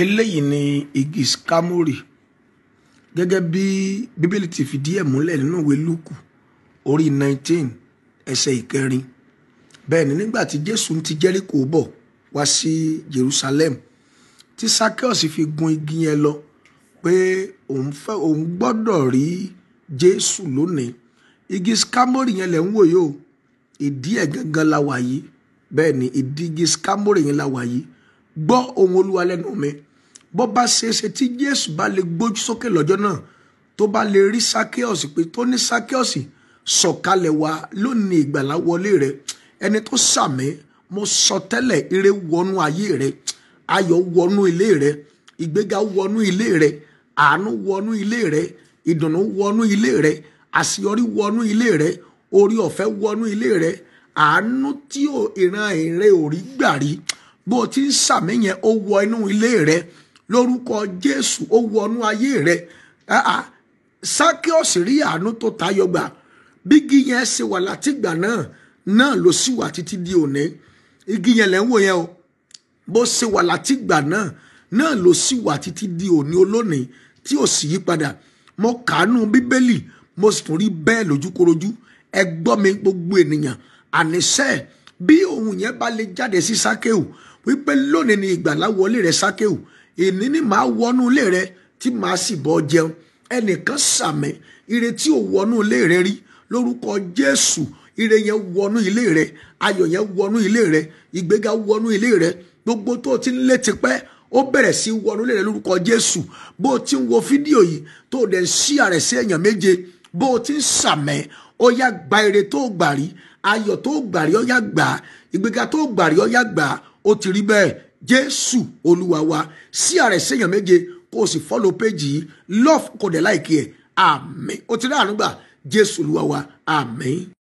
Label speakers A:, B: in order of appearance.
A: eléyìí ni igi skamori gẹ́gẹ́ bí bíbélì ti fìdí ẹ̀ múlẹ̀ nínú ìwé lúkù orí 19 ẹsẹ̀ ìkẹrin bẹ́ẹ̀ ni nígbà tí jésù ti jẹ́ríkò bọ̀ wá sí jerusalem tí sakeos fi gun igi yẹn lọ pé òun fẹ́ òun gbọ́dọ̀ rí jésù lónìí igi skamori yẹn lẹ̀ ń wò yóò ìdí ẹ̀ gangan la wà yìí bẹ́ẹ̀ ni ìdí igi skamori yẹn la wà yìí gbọ́ ohun olúwa lẹ́nu mi bó bá ṣeéṣe tí jésù bá lè gbójú sókè lọ́jọ́ náà tó bá lè rí sákíọ̀sì pé tó ní sákíọ̀sì sọ̀kalẹ̀ wá lónìí ìgbàlá wọlé rẹ ẹni tó sàmì mo sọ tẹ́lẹ̀ ire wọnú ayé rẹ ayọ̀ wọnú ilé rẹ ìgbéga wọnú ilé rẹ àánú wọnú ilé rẹ ìdùnnú wọnú ilé rẹ àṣeyọrí wọnú ilé rẹ orí ọ̀fẹ́ wọnú ilé rẹ àánú tí ìran ìrẹ ò rí gbà rí bó o ti ń sàmì yẹn ó wọ inú ilé rẹ lórúkọ jésù ó wọnú ayé rẹ ah, ah. sákíọ̀sì rí àánú tó tayọ gbà bí igi yẹn ṣe wà látìgbà náà náà ló sì wà títí di òní igi yẹn lẹ́ ń wò yẹn o bó ṣe wà látìgbà náà náà ló sì wà títí di òní olónìí tí ò sì yí padà mo kàánú bíbélì mo sì tún rí bẹ́ẹ̀ lójúkorojú ẹ gbọ́ mi gbogbo ènìyàn àníṣe bí ohun yẹn bá lè jáde sí sákéù wípé lónìí ni ìgbàlá rẹ sákéù èmi ni màá wọnú ilé rẹ tí màá sì bọ́ jẹun ẹnìkan sàmì ire tí ò wọnú ilé rẹ rí lórúkọ Jésù ire yẹn wọnú ilé rẹ ayọ̀ yẹn wọnú ilé rẹ ìgbéga wọnú ilé rẹ gbogbo tó ti ń lé tipẹ́ ó bẹ̀rẹ̀ sí wọnú ilé rẹ lórúkọ Jésù bó o ti ń wo fídíò yìí tó o dẹ̀ ń ṣí ààrẹ sí èèyàn méje bó o ti ń sàmẹ́ ó yá gba ire tó gbà rí ayọ̀ tó gbà rí ó yá gbà ìgbéga tó gbà rí ó yá gbà ó ti rí bẹ́ẹ̀ jésù olúwa wa sí ààrẹ sèèyàn méje kó o sì fọ́lọ́ péjì yìí love kò dẹ̀ láìkí ẹ̀ àmín o ti rí àánú gbà jésù olúwa wa